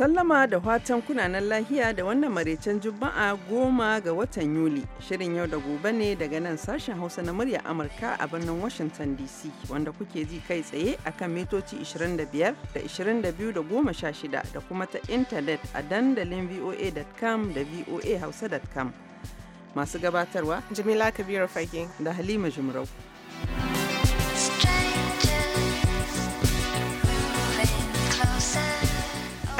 Sallama da watan kunanan lahiya da wannan maraicen Juma'a goma ga watan Yuli. Shirin yau da gobe ne daga nan sashen Hausa na murya Amurka a birnin Washington DC wanda kuke ji kai tsaye a kan mitoci 25 da 22 da 16 da kuma ta intanet a dandalin voa.com da voahausa.com. Masu gabatarwa jimila Kabiru Fage da Halima Jumrau.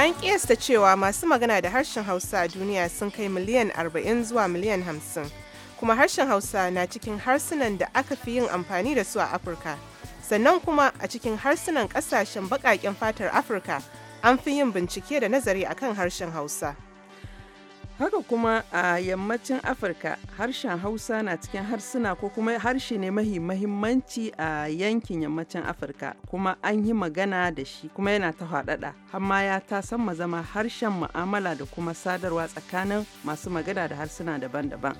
An kiyasta cewa masu magana da harshen Hausa a duniya sun kai miliyan 40 zuwa miliyan 50, kuma harshen Hausa na cikin harsunan da aka fi yin amfani da su a Afirka. Sannan kuma a cikin harsunan ƙasashen baƙaƙen fatar Afirka an fi yin bincike da nazari akan harshen Hausa. Haka kuma a yammacin Afirka harshen Hausa na cikin harsuna ko kuma harshe ne mahi mahimmanci a yankin yammacin Afirka kuma an yi magana da shi kuma yana ta haɗaɗa amma ya ta san zama harshen mu'amala da kuma sadarwa tsakanin masu magana da harsuna daban-daban.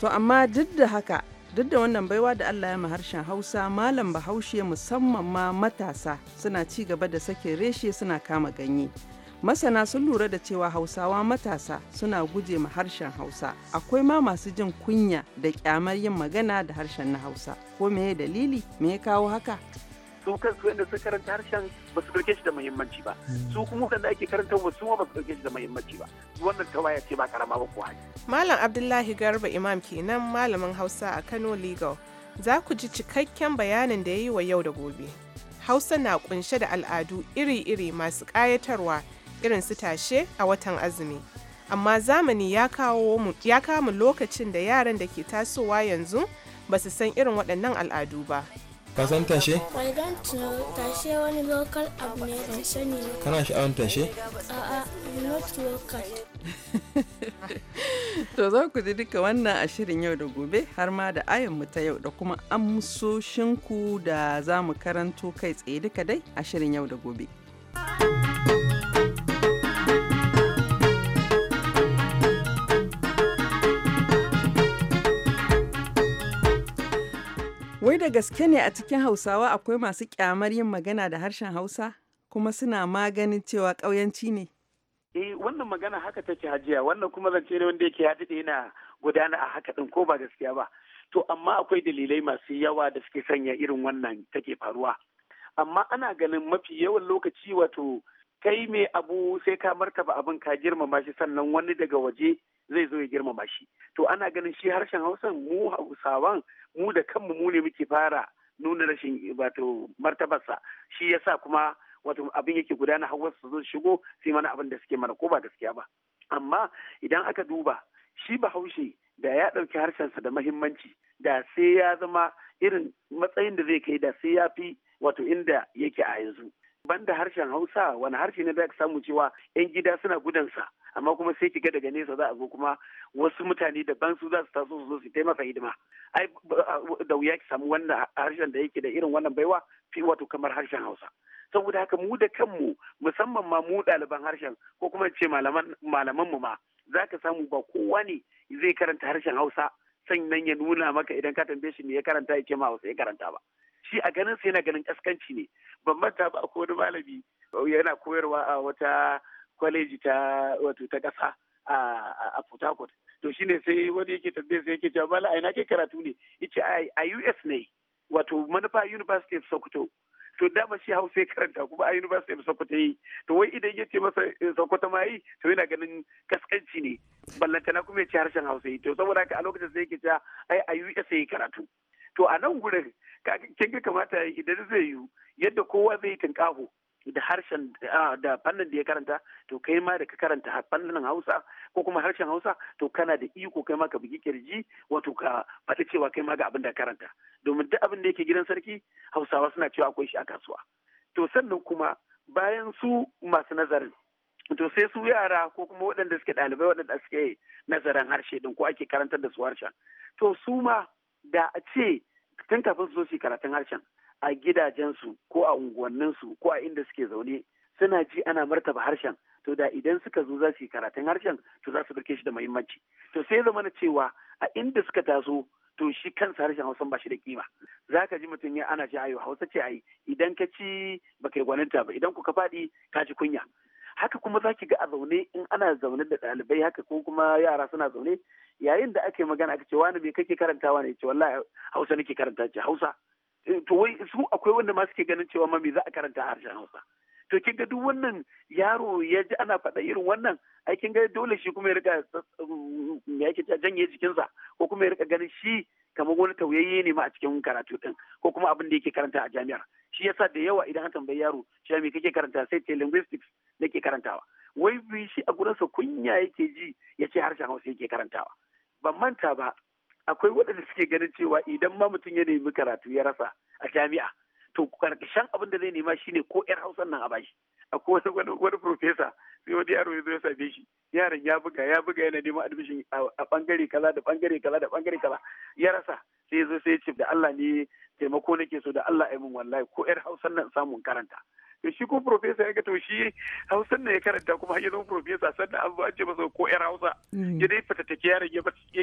To amma duk da haka duk da wannan baiwa da Allah ya ma harshen Hausa malam Bahaushe musamman ma matasa suna ci gaba da sake reshe suna kama ganye. Masana sun lura da cewa Hausawa matasa suna guje ma harshen Hausa. Akwai ma masu jin kunya da kyamar yin magana da harshen na Hausa. Ko me dalili? Me ya kawo haka? su kansu yadda suka karanta harshen ba su dauke shi da muhimmanci ba su hmm. kuma wanda ake karanta ba su ba su dauke shi da muhimmanci ba wannan tawaya ce ba karama ba kuwa malam abdullahi garba imam kenan malamin hausa a kano legal za ku ji cikakken bayanin da ya yi wa yau da gobe hausa na kunshe da al'adu iri-iri masu ƙayatarwa irin su tashe a watan azumi amma zamani ya kawo mu ya kama lokacin da yaran da ke tasowa yanzu ba su san irin waɗannan al'adu ba ka san tashe? I don't know. Tashe wani local abu ne ban sani ba. Kana sha'awar tashe? A'a, not local. To za ku ji duka wannan a shirin yau da gobe har ma da ayan mu ta yau da kuma amsoshinku da za mu karanto kai tsaye duka dai a shirin yau da gobe. Wai da gaske ne a cikin Hausawa akwai masu kyamar yin magana da harshen Hausa? Kuma suna maganin cewa ƙauyanci ne? Eh, wannan magana haka take hajiya, wannan kuma zance ne wanda yake haɗe yana gudana a haka ɗin ko ba gaskiya ba. To, amma akwai dalilai masu yawa da suke sanya irin wannan take faruwa. Amma ana ganin mafi yawan lokaci wato kai mai abu sai ka martaba abin ka girmama shi sannan wani daga waje zai zo ya girmama shi to ana ganin shi harshen hausan mu hausawan mu da kanmu mu ne muke fara nuna rashin wato martabarsa shi yasa kuma wato abin yake gudana har wasu zo shigo sai mana abin da suke mana ko ba gaskiya ba amma idan aka duba shi bahaushe da ya ɗauki harshen sa da mahimmanci da sai ya zama irin matsayin da zai kai da sai ya fi wato inda yake a yanzu banda harshen hausa wani harshe ne za ka samu cewa yan gida suna gudansa amma kuma sai kiga daga nesa za a zo kuma wasu mutane daban su za su taso su zo su taimaka hidima ai da wuya ki samu wannan harshen da yake da irin wannan baiwa fi wato kamar harshen hausa saboda haka mu da kanmu musamman ma mu ɗaliban harshen ko kuma ce malaman mu ma za ka samu ba kowa ne zai karanta harshen hausa sannan ya nuna maka idan ka tambaye shi me ya karanta ya ce ma hausa ya karanta ba shi a ganin sai yana ganin kaskanci ne ban manta ba ko wani malami oh, yana koyarwa a wata kwaleji ta wato ta ƙasa a Port Harcourt to shine sai wani yake tambaye sai yake cewa malai ina ke karatu ne yace a US ne wato manufa University of Sokoto to da ba shi hausa ya karanta kuma a university of sokoto yi to wai idan ya ce masa eh, sokoto ma yi to yana ganin kaskanci ne ballantana kuma ya harshen hausa yi to saboda haka a lokacin sai yake cewa ai a us ya karatu to a nan gurin kin ga kamata idan zai yiwu yadda kowa zai yi tunƙaho da harshen da fannin da ya karanta to kai ma da ka karanta fannin hausa ko kuma harshen hausa to kana da iko kai ma ka bugi kirji wato ka faɗi cewa kai ma ga abin da karanta domin duk abin da yake gidan sarki hausawa suna cewa akwai shi a kasuwa to sannan kuma bayan su masu nazarin to sai su yara ko kuma waɗanda suke ɗalibai waɗanda suke nazarin harshe din ko ake karantar da su harshen to su ma da a ce tun kafin su zo su karatun harshen a gidajensu ko a unguwanninsu ko a inda suke zaune suna ji ana martaba harshen to da idan suka zo za su yi karatun harshen to za su birke shi da muhimmanci to sai zama na cewa a inda suka taso to shi kansa harshen hausan ba shi da kima za ka ji mutum ya ana ce ayo hausa ce ayi idan ka ci ba kai gwaninta ba idan ku ka faɗi ka ji kunya haka kuma za ki ga a zaune in ana zaune da ɗalibai haka ko kuma yara suna zaune yayin da aka yi magana aka ce wani me kake karantawa ne ce wallahi hausa nake karanta ce hausa eh, to wai su akwai wanda ma suke ganin cewa ma me za a karanta harshen hausa to kin ga duk wannan yaro ya ji ana faɗa irin wannan ai kin ga dole shi kuma ya rika mm, me yake janye jikinsa ko kuma ya riga ganin shi kamar wani tauyayye ne ma a cikin karatu din ko kuma abin da yake karanta a jami'ar shi yasa da yawa idan an tambayi yaro cewa me kake karanta sai ce linguistics nake karantawa wai bi shi a gurinsa kunya yake ji ya ce harshen hausa yake karantawa ban manta ba akwai waɗanda suke ganin cewa idan ma mutum ya nemi karatu ya rasa a jami'a to karkashin abin da zai nema shine ko yar hausan nan a bashi akwai wata wani wani profesa sai wani yaro ya zo ya same shi yaron ya buga ya buga yana neman admission a bangare kaza da bangare kaza da bangare kaza ya rasa sai ya zo sai ya ce da Allah ne taimako nake so da Allah ya min wallahi ko yar hausan nan samun karanta to shi ko profesa ya ga to shi hausan ne ya karanta kuma ya zama profesa sannan an zo an ce masa ko yar hausa mm. ya dai fatattake yaron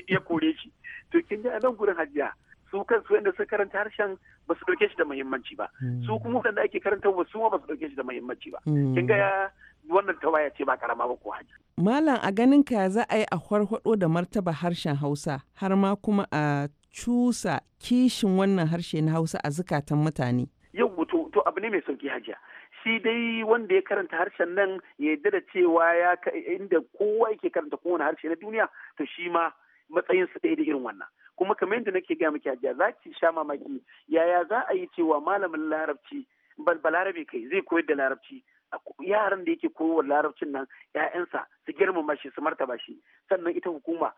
ya kore shi to kin ga a nan gurin hajiya su kansu wanda suka karanta harshen ba su dauke shi da muhimmanci ba hmm. su kuma wanda ake karanta ba su ma ba su dauke shi da muhimmanci ba hmm. kin ga wannan tawaya ce ba karama ba ko haji malam a ganin ka za a yi a harhaɗo da martaba harshen Hausa har ma kuma a cusa kishin wannan harshe na Hausa a zukatan mutane yau to to abu ne mai sauki hajiya shi dai wanda ya karanta harshen nan ya yarda da cewa ya inda kowa yake karanta kowane harshe na duniya to shi ma matsayin su ɗaya da irin wannan kuma kamar yadda nake gaya miki hajiya za ki sha mamaki yaya za a yi cewa malamin larabci balarabe kai zai koyar da larabci yaran da yake koyarwa larabcin nan ƴaƴansa su girmama shi su martaba shi sannan ita hukuma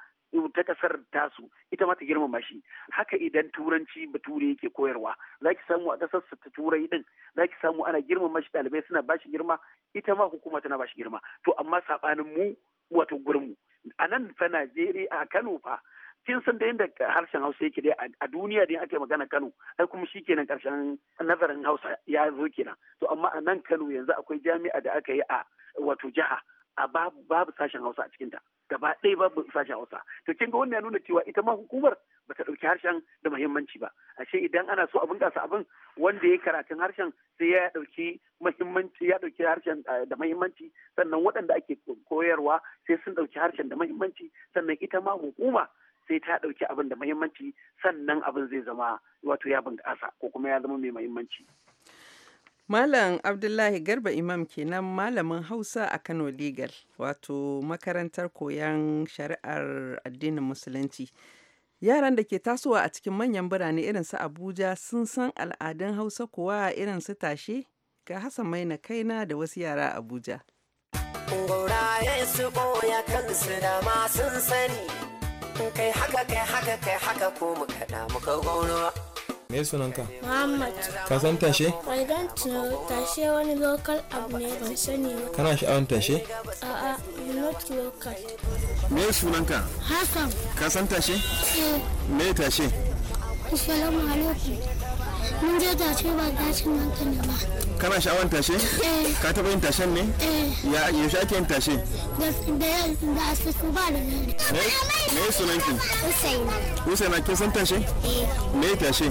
ta kasar tasu ita ma ta girmama shi haka idan turanci bature yake koyarwa za ki samu a kasar ta turai din za ki samu ana girmama shi ɗalibai suna bashi girma ita ma hukuma tana bashi girma to amma saɓanin mu wato mu a nan fa Najeriya a Kano fa kin san da yadda harshen Hausa yake dai a duniya dai ake magana Kano ai kuma shikenan karshen nazarin Hausa ya zo kenan to amma a nan Kano yanzu akwai jami'a da aka yi a wato jiha a babu sashen Hausa a cikinta gaba ɗaya babu sashen Hausa to kin ga wannan ya nuna cewa ita ma hukumar ba ɗauki harshen da muhimmanci ba ashe idan ana so a gasa abin wanda ya karatun harshen sai ya ɗauki muhimmanci ya ɗauki harshen eh, da muhimmanci sannan waɗanda ake koyarwa sai sun ɗauki harshen da muhimmanci sannan ita ma hukuma sai ta ɗauki abin da muhimmanci sannan abin zai zama wato ya bunƙasa ko kuma ya zama mai muhimmanci. Malam Abdullahi Garba Imam kenan malamin Hausa a Kano Legal wato makarantar koyon shari'ar addinin Musulunci. Yaran da ke tasowa a cikin manyan birane irin su Abuja sun san al'adun Hausa kuwa irin su tashe ga mai Maina kaina da wasu yara Abuja. Gauraye su kansu da ma sun sani, kai haka kai haka kai haka ko mu me sunanka muhammad ka san tashe i don't know tashe wani local abu ne ban sani ba kana sha'awar tashe a'a not local me sunanka hassan ka san tashe eh me tashe assalamu alaikum mun je tashe ba ta ne ba kana sha'awar tashe eh. ka taɓa yin tashen ne eh. ya sha ke yin tashe da asusu ba da ne me sunanki usaina usaina kin san tashe eh. me tashe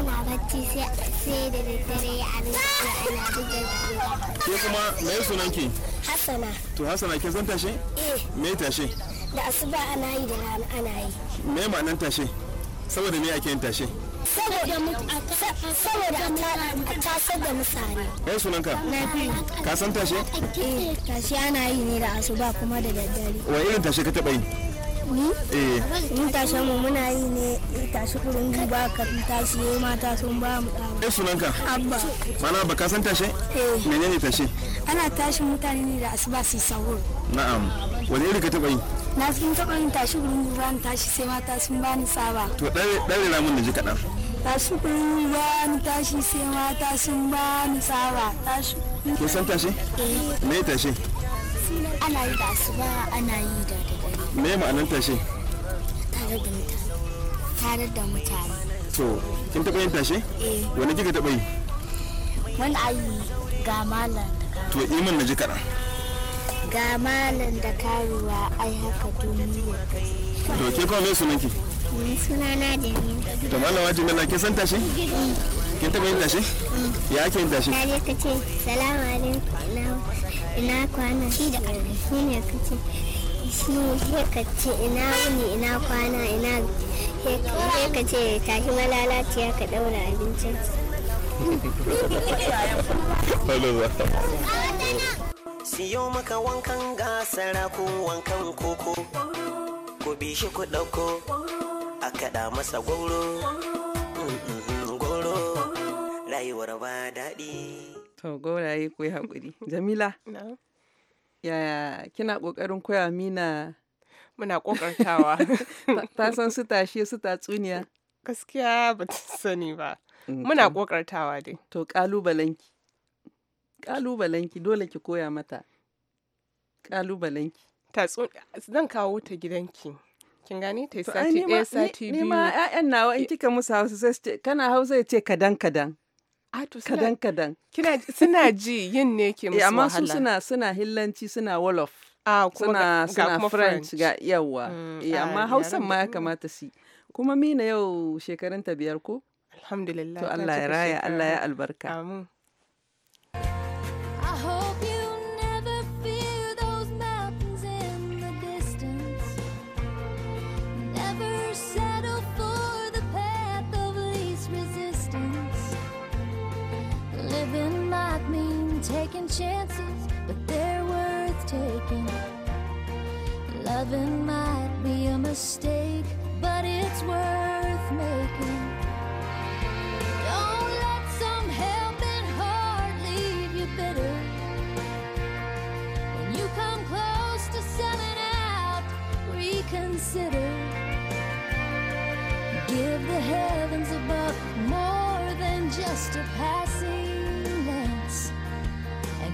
ana bacci sai da daddare ya abinci ana buga ke kuma me sunan ki hassana to hassana ke zan tashe eh me tashe da asuba ana yi da rana ana yi me ma'anan tashe saboda me ake yin tashe saboda a tasar da mutane kai sunan ka ka san tashe eh tashe ana yi ne da asuba kuma da daddare wa irin tashe ka taba yi Eh. mun tashi mu muna yi ne eh, tashi kurun duba ka tashi yayi eh, mata sun ba mu ɗa. Eh sunanka? Abba. Mana baka san tashe? Eh. Menene tashe? Ana tashi mutane ne da asuba su sahur. Na'am. Wani iri ka taɓa yi? Na sun taɓa yin tashi kurin duba ni tashi sai mata sun ba ni tsaba. To ɗare ramin da ji kaɗan. Tashi kurun duba ni tashi sai mata sun ba ni tsaba. Tashi. Ko san tashe? Eh. Me tashe? Ana yi da asuba ana yi da dare. me ma'anar tashe tare da mutane tare da mutane to kin taɓa yin tashe eh wani kika taɓa yi wani ayi ga malam da karuwa to iman na ji kaɗan ga malam da karuwa ai haka duniya to ke kawo mai sunanki sunana ni to malama jamila ke san tashe eh. kin taɓa yin tashe eh. ya ake yin tashe tare ka ce salamu alaikum ina kwana shi da ƙarfi ne ka ce shi ya kace ina wuni ina kwana ina ya kace tashi malalaciya ka daura abincin siyo maka wankan gasara ko wankan koko ku bi shi ku ɗauko a kaɗa masa gwauro gwauro rayuwar ba daɗi to gauraye ku yi haƙuri jamila Yaya kina ƙoƙarin koya mina Muna ƙoƙartawa. Ta san su tashe su tatsuniya. Gaskiya ba ta sani ba. Mm, Muna ƙoƙartawa dai. To ƙalubalenki. Ƙalubalenki dole ki koya mata. Ƙalubalenki. zan kawo ta gidanki. kin gane ta yi sati ɗaya sati biyu. Nima ƴaƴan nawa in kika musu hausa sai kana hausa ya ce kadan kadan. kadan kadan kina suna ji yin ne ke eh, musu amma su suna suna hillanci suna wolof ah, suna suna french ga yawa mm, eh, amma hausan ma ya kamata si kuma mina yau shekarun ta biyar ko alhamdulillah to Allah ya raya Allah ya albarka amin chances, but they're worth taking. Loving might be a mistake, but it's worth making. Don't let some heart leave you bitter. When you come close to out, reconsider. Give the heavens above more than just a passing.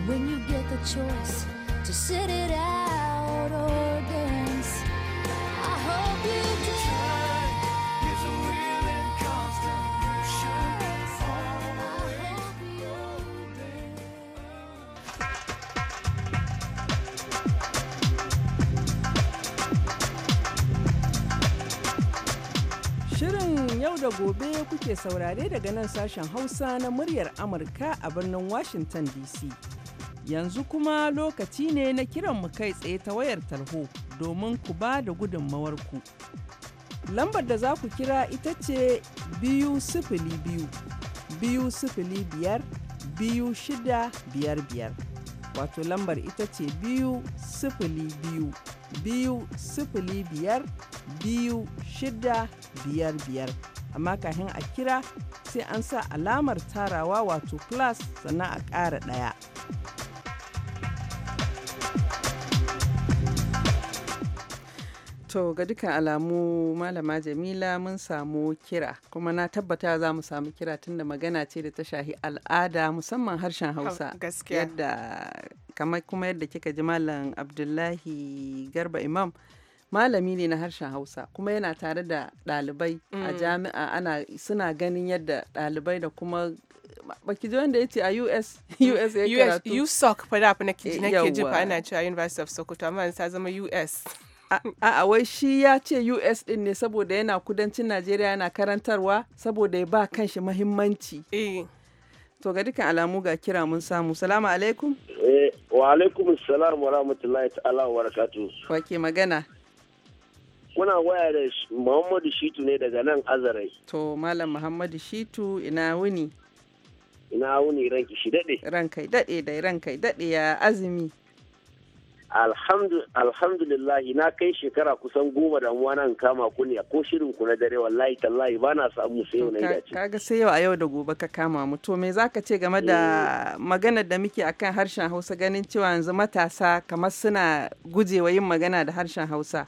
when you get the choice to sit it out or dance. I hope you do. Shirin yau da gobe kuke saurare daga nan sashen Hausa na muryar Amurka a birnin Washington DC. Yanzu kuma lokaci ne na kiran mu kai tsaye ta wayar tarho domin ku ba da ku Lambar da za ku kira ita ce biyu sifili biyu, biyu sifili biyar, biyu shida biyar biyar. Wato lambar ita ce biyu sifili biyu, biyu sifili biyar, biyu shida biyar biyar. amma kafin a kira sai an sa alamar tarawa wato class sannan a ƙara ɗaya. To ga dukkan alamu Malama Jamila mun samu kira kuma na tabbata za mu samu kira tunda magana ce da ta shahi al'ada musamman harshen Hausa. Gaskiya. Yadda kamar kuma yadda kika ji Malam Abdullahi Garba Imam. malami ne na harshen hausa kuma yana tare da ɗalibai a mm. jami'a ana suna ganin yadda ɗalibai da kuma baki ji wanda ya ce a US US ya karatu USOC fa da na ke ji fa ana cewa University of Sokoto amma ta zama US A'a wai shi ya ce US din ne saboda yana kudancin Najeriya yana karantarwa saboda ya ba kanshi mahimmanci. Eh. To ga dukkan alamu ga kira mun samu. Salamu alaikum. Eh, wa alaikum salam wa rahmatullahi ta'ala wa barakatuh. Wake magana. Kuna waya da Muhammadu Shitu ne daga nan Azarai. To Malam Muhammadu Shitu ina wuni. Ina wuni ranki shi dade ranka dade dai ranka dade ya azumi. alhamdulillahi na kai shekara kusan goma da uwa nan kama kunya ko shirin ku na dare wallahi tallahi ba na samu sai yau na dace kaga sai yau a yau da gobe ka kama mu to me zaka ce game da eh. maganar da muke akan harshen Hausa ganin cewa yanzu matasa kamar suna gujewa yin magana da harshen Hausa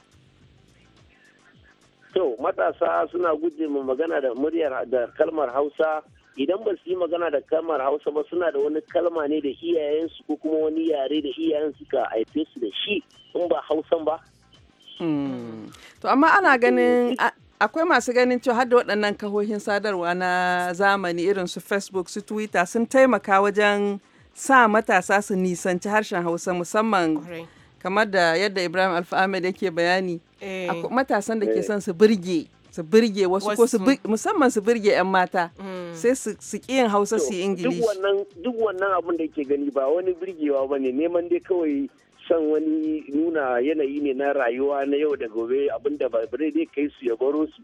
to matasa suna gujewa magana da muryar da kalmar Hausa idan ba su yi magana da kalmar hausa ba suna da wani kalma ne da iyayensu ko kuma wani yare da iyayen suka haife su da shi in ba hausan ba hmm. to amma ana ganin eh, akwai masu ganin cewa da waɗannan kahohin sadarwa na zamani irin su facebook su twitter sun taimaka wajen sa matasa su nisanci harshen hausa musamman kamar da yadda ibrahim alfa yake bayani eh. matasan da ke eh. son su birge su birge wasu ko su musamman su birge 'yan mata mm. sai su yin hausa su yi ingilishi duk wannan abin da ke gani ba wani birgewa ba ne neman dai kawai san wani nuna yanayi ne na rayuwa na yau da gobe da ba bare dai kai su ya baro su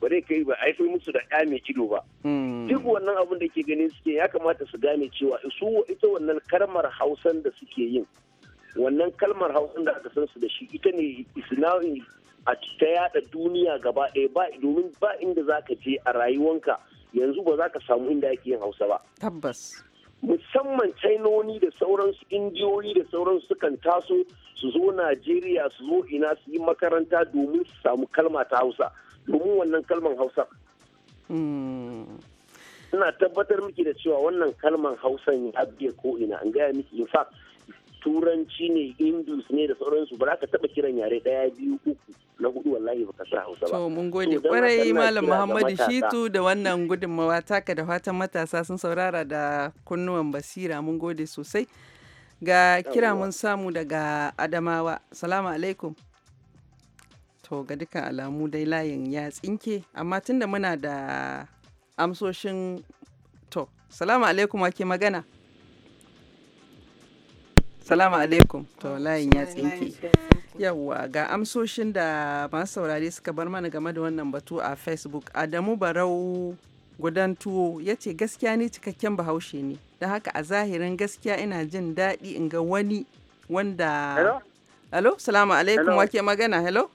bare kai ba a yi musu da ya mai kido ba mm. duk wannan abin da ke gani suke ya kamata su gane cewa su ita wannan kalmar hausan da suke yin wannan kalmar hausan da aka san su da shi ita ne isna'in a ta yada duniya gaba ɗaya ba domin ba inda za ka je a rayuwanka yanzu ba za ka samu inda ake yin hausa ba. Tabbas. Musamman Chainoni da sauransu injiyoyi da sauransu sukan taso su zo Najeriya su zo ina su yi makaranta domin su samu kalma ta hausa domin wannan kalman hausa. Hmm. Ina tabbatar miki da cewa wannan kalman hausan ya biya ko ina an gaya miki in fact turanci ne indus ne da sauransu ba za ka taba kiran yare daya biyu uku na hudu wallahi ka sa hausa ba to mun gode kwarai malam muhammadu shitu da wannan gudunmawa taka da fatan matasa sun saurara da kunnuwan basira mun gode sosai ga kira mun samu daga adamawa salamu alaikum to ga dukkan alamu dai layin ya tsinke amma tunda muna da amsoshin to salamu alaikum wake magana Salamu alaikum. To layin ya tsinke. Yawwa ga amsoshin da masu saurare suka bar mana game da wannan batu a Facebook. Adamu Barau gudan tuwo ya ce gaskiya ni cikakken bahaushe ne. Don haka a zahirin gaskiya ina jin daɗi in ga wani wanda. Hello? Hello? Salamu alaikum wake magana. Hello?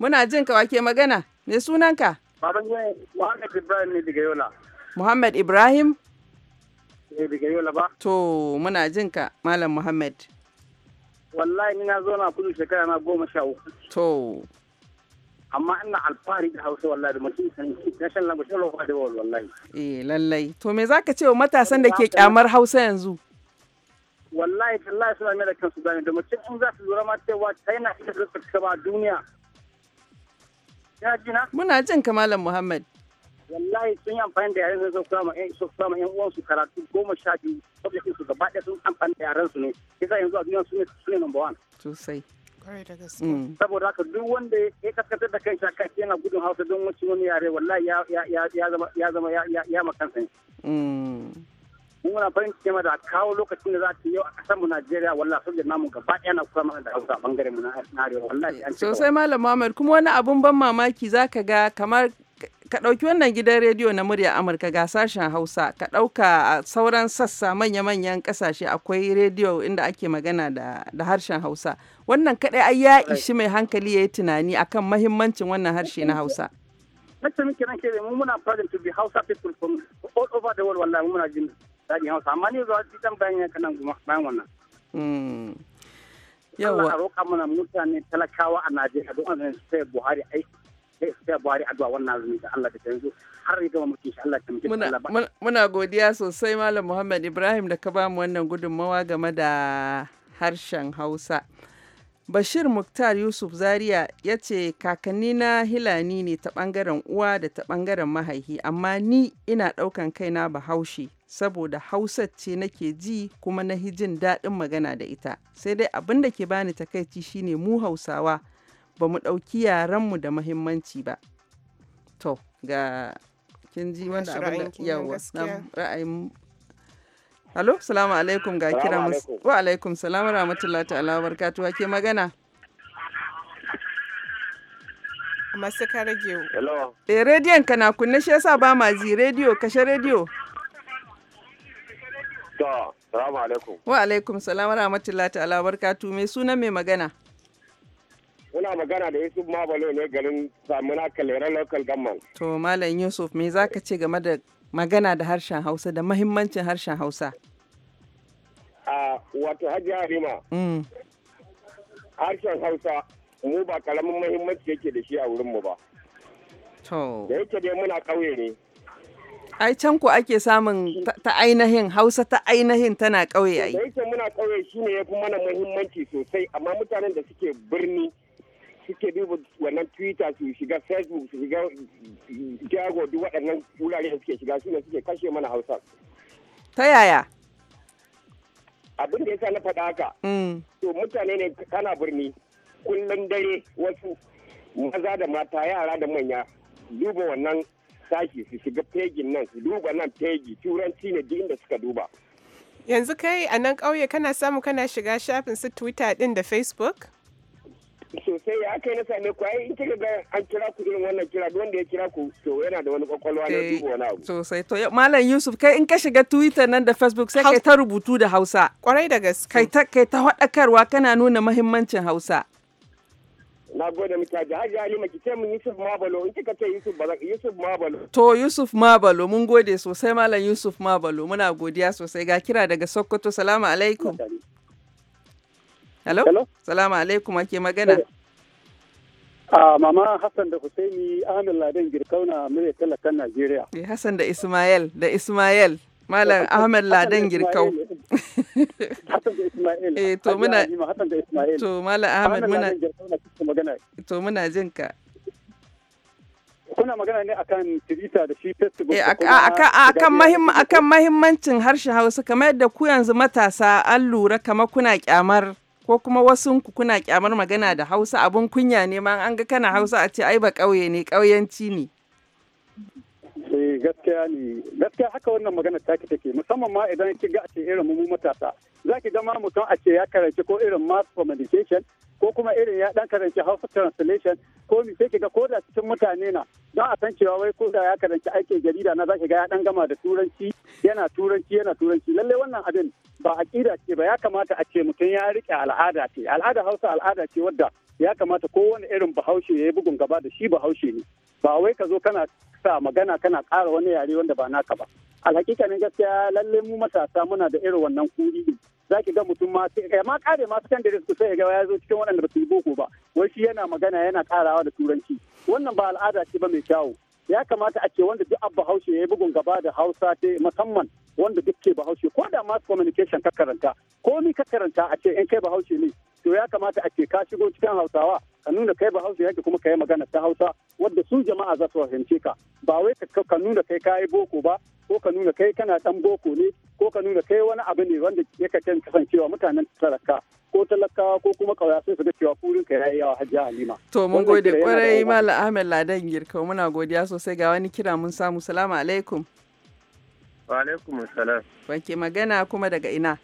Muna jin ka wake magana. Me sunanka? Muhammad Ibrahim ne daga Yola. Muhammad Ibrahim? Eh, to muna jin ka Malam Muhammad. Wallahi ni na zo na kudu shekara na goma sha uku. To. Amma ina alfahari da Hausa wallahi da mutum san na shan lamba shan lamba da wallahi. Eh lallai. To me zaka ce wa matasan da ke kyamar Hausa yanzu? Wallahi tallahi suna mai da kansu gane da mutum in za su lura ma cewa China ita da suka duniya. Muna jin ka Malam Muhammad. wallahi sun yi amfani da yaren su kama yan su kama yan su karatu goma sha biyu kwamfakin su gaba ɗaya sun amfani da yaren su ne yasa yanzu a duniya su ne su ne number one sosai mm. saboda haka duk wanda ya kaskatar da kan shaka yana gudun hausa don wacce wani yare wallahi ya zama ya makansa ne mm. muna farin ciki ma da kawo lokacin da za ta yau a kasar mu Najeriya wallahi sun da mu gaba ɗaya na kusa mana da Hausa bangaren mu na Arewa wallahi sosai malam Muhammad kuma wani abun ban mamaki zaka ga kamar ka ɗauki wannan gidan rediyo na murya Amurka ga sashen Hausa, ka ɗauka a sauran sassa manya-manyan ƙasashe akwai rediyo inda ake magana da, harshen Hausa. Wannan kaɗai ai ya ishi mai hankali ya yi tunani akan mahimmancin wannan harshe na Hausa. Nake Allah a roƙa mana mutane talakawa a Najeriya don a Buhari aiki muna godiya sosai malam Muhammad Ibrahim da ka ba mu wannan gudunmawa game da harshen Hausa Bashir Muktar Yusuf Zaria ya ce kakanni na Hilani ne ta ɓangaren uwa da ta ɓangaren mahaihi amma ni ina ɗaukan kaina bahaushe saboda Hausa ce nake ji kuma na jin daɗin magana da ita sai dai abin da ke bani takaici shine mu hausawa ba mu ɗauki yaranmu da muhimmanci ba to ga kin ji wanda abin da yawa ra'ayin Halo, salamu alaikum ga kira musu. Wa alaikum, salamu ta alawar katuwa ke magana. Masu ka rage Hello. Eh, rediyon ka na kunne shi yasa ba ma ji rediyo, kashe rediyo. To, salamu alaikum. Wa alaikum, salamu ta alawar barkatu. mai suna mai magana? Muna magana da Yusuf Mabalo ne garin Samuna Kalera Local Government. To Malam Yusuf me za ka ce game da magana da harshen Hausa da mahimmancin harshen Hausa? A wato Hajji Halima. Mm. Harshen Hausa mu ba karamin mahimmanci yake da shi a wurinmu ba. To. Da yake dai muna ƙauye ne. Ai can ku ake samun ta ainihin Hausa ta ainihin tana ƙauye ai. Da yake muna ƙauye shi ne ya fi mana muhimmanci sosai amma mutanen da suke birni suke duba wannan twitter su shiga facebook su shiga jago duk waɗannan wurare da suke shiga suna suke kashe mana hausa ta yaya abin da yasa na faɗa haka mm. to mutane ne kana birni kullum dare wasu maza da mata yara da manya duba wannan sashi su shiga pegin nan su duba nan pegi turanci ne duk inda suka duba yanzu kai a nan kauye kana samu kana shiga shafin su twitter din da facebook sosai ya kai na same ku ai in kika ga an kira ku irin wannan kira don da ya kira ku to yana da wani kwakwalwa na eh, duba wani abu sosai to malam Yusuf kai in ka shiga Twitter nan da Facebook sai kai ta rubutu da Hausa kwarai da gaske kai ta kai ta hadakarwa kana nuna muhimmancin Hausa na gode muka ji haji Halima ki ce mun Yusuf Mabalo in kika ce Yusuf ba Yusuf Mabalo to Yusuf Mabalo mun gode sosai malam Yusuf Mabalo muna godiya sosai ga kira daga Sokoto salamu alaikum Hello? Hello? Salamu alaikum ake magana. A ah, mama Hassan da Husaini Amin Laden Girkauna mure talakan Najeriya. Eh Hassan da Ismail da Ismail Malam Ahmed Laden Girkau. Hassan da Ismail. Eh to muna Hassan da Ismail. To Malam Ahmed muna To muna jin ka. Kuna magana ne akan Tirita da shi Facebook. Eh akan mahimma akan mahimmancin harshen Hausa kamar yadda ku yanzu matasa an lura kamar kuna kyamar ko kuma wasu kuna kyamar magana da hausa abun kunya ne ma an ga kana hausa a ce ai ba ƙauye ne ƙauyenci ne eh, gaskiya ne gaskiya haka wannan magana ta take take musamman ma idan ki ga a ce irin mu matasa za ki ga ma mutum a ce ya karanci ko irin mass communication ko kuma irin ya dan karanci Hausa translation ko mi sai kiga ko da cikin mutane na don a san cewa wai koda da ya karanci aikin jarida na zaki ga ya dan gama da turanci yana turanci yana turanci lalle wannan abin ba akida ce ba ya kamata a ce mutum ya rike al'ada ce al'ada Hausa al'ada ce wadda ya kamata kowane irin bahaushe ya yi bugun gaba da shi bahaushe ne ba wai ka zo kana sa magana kana ƙara wani yare wanda ba naka ba alhakikanin gaskiya lalle mu matasa muna da irin wannan kuri za ki ga mutum ma eh, ma kare ma secondary school sai ga ya zo cikin waɗanda ba su yi boko ba wai shi yana magana yana karawa da turanci wannan ba al'ada ce ba mai kyawu ya kamata a ce wanda duk abba haushe ya yi bugun gaba da hausa ta musamman wanda duk ke bahaushe ko da mass communication ka karanta ko ni ka karanta a ce in kai bahaushe ne to ya kamata a ce ka shigo cikin hausawa ka nuna kai bahaushe yake kuma ka yi magana ta hausa wanda su jama'a za su fahimce ka ba wai ka nuna kai ka yi boko ba ko ka nuna kai kana dan boko ne ko ka nuna kai wani abu ne wanda ka kan kasancewa mutanen talaka ko talakawa ko kuma kauya sai su ga cewa kurin ka yayi yawa hajji halima to mun gode kwarai mala ahmed ladan girka muna godiya sosai ga wani kira mun samu salamu alaikum wa alaikum salam wanke magana kuma daga ina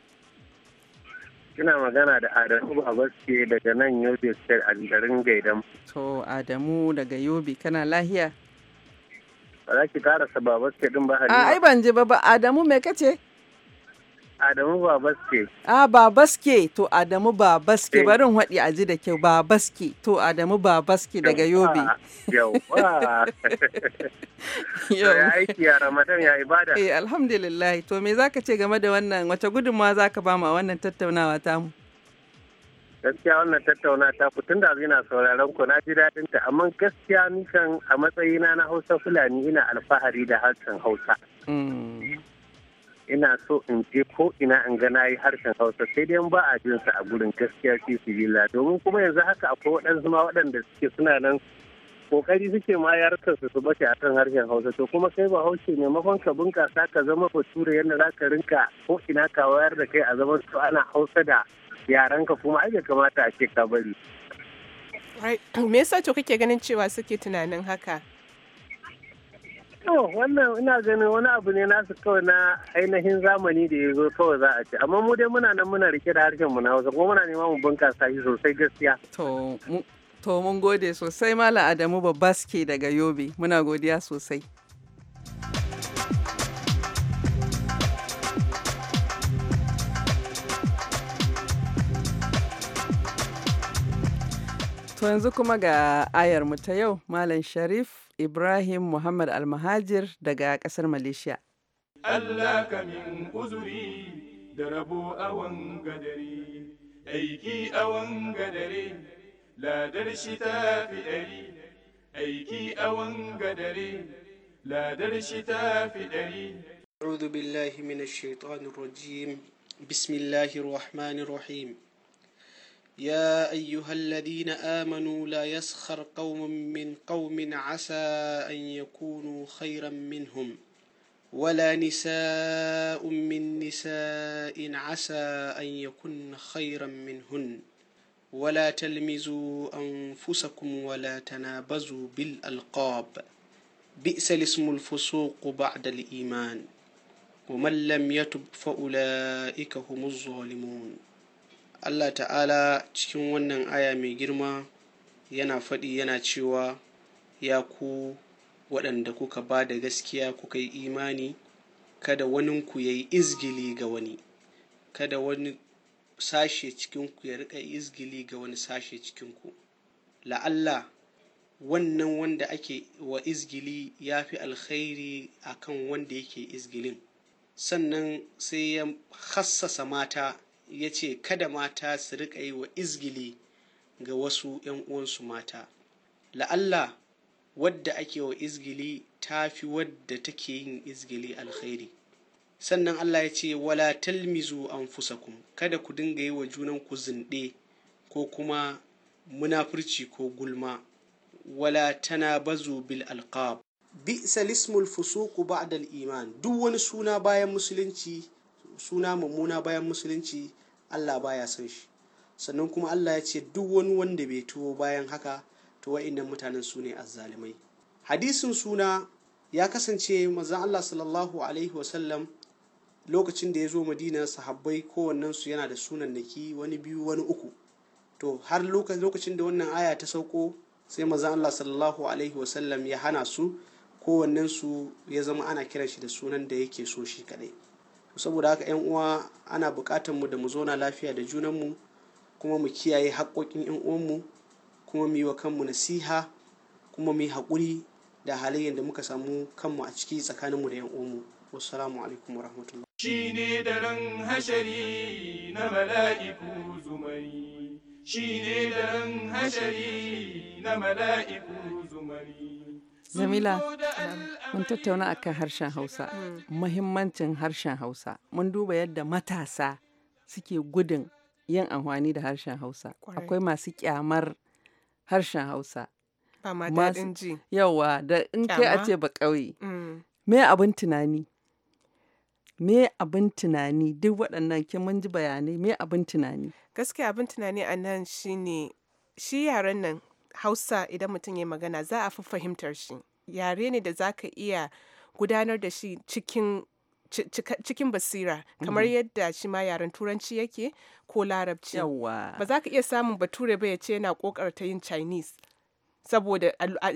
kina magana da Adamu Babaske daga nan Yobe sai a garin Gaidan. To Adamu daga Yobe kana lahiya? ba za ki karasa babaske din ba halima ai ban ji ba ba adamu me kace Adamu Babaske. Ah Babaske to Adamu Babaske eh. barin waɗi a ji da kyau Babaske to Adamu Babaske daga Yobe. Yawwa. Ya aiki ya Ramadan ya ibada. Eh alhamdulillah to me zaka ce game da wannan wace gudunmawa zaka ba mu a wannan tattaunawa tamu? gaskiya wannan tattauna ta ku tun da ina sauraron ku na ji daɗin ta amma gaskiya ni a matsayina na Hausa Fulani ina alfahari da harshen Hausa. Mm. Ina so in je ko ina in ga na yi harshen Hausa sai dai ba a jin sa a gurin gaskiya fi sibila domin kuma yanzu haka akwai waɗansu ma waɗanda suke suna nan kokari suke ma yarkar su su bace akan harshen Hausa to kuma kai ne maimakon ka bunkasa ka zama bature yadda za ka rinka ko ina ka wayar da kai a zaman su ana Hausa da yaranka kuma ai bai kamata a ce ka bari me yasa to kake ganin cewa suke tunanin haka to wannan ina ganin wani abu ne nasu kawai na ainihin zamani da ya zo kawai za a ce amma mu dai muna nan muna rike da harshen mu na hausa kuma muna neman mu bunkasa shi sosai gaskiya to mun gode sosai malam adamu babbaske daga yobe muna godiya sosai To yanzu kuma ga ayar mu ta yau Malam Sharif Ibrahim Muhammad Almahajir daga kasar Malaysia. Allah ka min uzuri da rabo a wangadare, aiki a wangadare, ladar shi ta fi ɗari, aiki a wangadare, ladar shi ta fi ɗari. أعوذ بالله من الشيطان الرجيم بسم الله الرحمن الرحيم يا أيها الذين آمنوا لا يسخر قوم من قوم عسى أن يكونوا خيرا منهم ولا نساء من نساء عسى أن يكن خيرا منهن ولا تلمزوا أنفسكم ولا تنابزوا بالألقاب بئس الاسم الفسوق بعد الإيمان ومن لم يتب فأولئك هم الظالمون Allah ta'ala cikin wannan aya mai girma yana faɗi yana cewa ya ku waɗanda kuka ba da gaskiya kuka yi imani kada waninku ya yi izgili ga wani kada wani sashe cikinku ya riƙa izgili ga wani sashe cikinku la'alla wannan wanda ake wa izgili ya fi alkhairi akan wanda yake izgilin sannan sai ya hassasa mata ya ce kada mata su riƙa yi wa izgili ga wasu 'yan uwansu mata la'alla wadda ake wa izgili ta fi wadda take yin izgili alkhairi sannan Allah ya ce wala talmizu an fusakun kada ku dinga yi wa ku zinde ko kuma munafurci ko gulma wala tana bazu bil alqab bi salismul fusuku ba'dal iman duk wani suna bayan musulunci suna mummuna bayan musulunci Allah baya son shi sannan kuma Allah ya ce duk wani wanda bai tuwo bayan haka to wa'innan mutanen su ne azzalimai hadisin suna ya kasance manzon Allah sallallahu alaihi wasallam lokacin da ya zo madina sahabbai kowannensu yana da sunan naki wani biyu wani uku to har lokacin da wannan aya ta sauko sai maza Allah sallallahu alaihi wasallam ya hana su su ya zama ana kiran shi da sunan da yake so shi kadai saboda haka yan uwa ana bukatar mu da mu zauna lafiya da junan mu kuma mu kiyaye haƙƙoƙin yan uwanmu mu kuma mu yi wa kanmu nasiha kuma mu yi haƙuri da halayen da muka samu kanmu a ciki tsakaninmu da yan uwanmu wassalamu alaikum warahmatullahi shine daren hashari na mala'iku zumari daren hashari na mala'iku zumari Jamila, mun tattauna akan harshen Hausa, muhimmancin harshen Hausa. Mun duba yadda matasa suke gudun yin amfani da harshen Hausa. Akwai masu kyamar harshen Hausa. Ba ji. Yawa, da in kai a ce ba ƙauye. Mm. Me abin tunani? Me abin tunani duk waɗannan kin mun ji bayanai me abin tunani? Gaskiya abin tunani a nan shine shi yaran nan hausa idan mutum ya magana za a fi fahimtar shi yare ne da za ka iya gudanar da shi cikin cikin basira kamar mm-hmm. yadda shi ma yaren turanci yake ko larabci ba za ka iya samun bature ba ya ce yana ta yin chinese saboda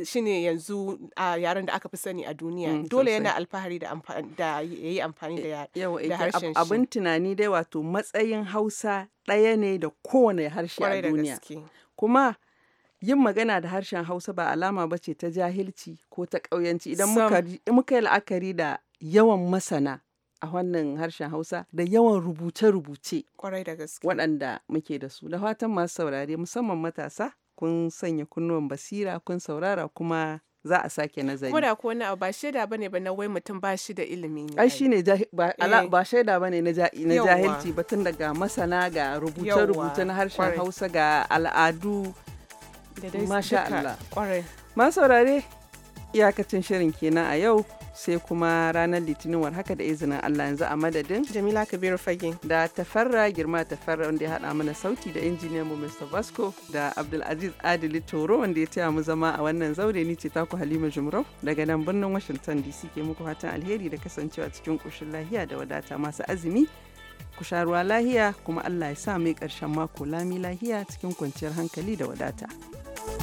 shi ne yanzu a yaren da aka fi sani a duniya mm, dole yana alfahari da ya yi amfani da eh, eh, harshen shi abin tunani dai wato matsayin hausa ɗaya ne da kowane harshe a duniya kuma yin magana da harshen Hausa ba alama ba ce ta jahilci ko ta ƙauyanci idan muka yi la'akari da yawan masana a wannan harshen Hausa da yawan rubuce-rubuce waɗanda muke da su. Da fatan masu saurare musamman matasa kun sanya kunnuwan basira kun saurara kuma za a sake nazari. da ko wani abu ba shaida bane ba na wai mutum ba shi da ilimi ne. Ai shine eh. ba shaida bane na jahilci batun daga masana ga rubuce-rubuce na harshen Hausa ga al'adu da dai Masha Allah. Kwarai. saurare iyakacin shirin kenan a yau sai kuma ranar litinin war haka da izinin Allah yanzu a madadin Jamila Kabiru Fage da Tafarra Girma Tafarra wanda ya haɗa mana sauti da injiniyan mu Mr. Vasco da Abdulaziz Adili Toro wanda ya taya mu zama a wannan zaure ni ce taku Halima Jumrau daga nan birnin Washington DC ke muku fatan alheri da kasancewa cikin ƙoshin lahiya da wadata masu azumi ku sha ruwa lahiya kuma Allah ya sa mai karshen mako lami lahiya cikin kwanciyar hankali da wadata.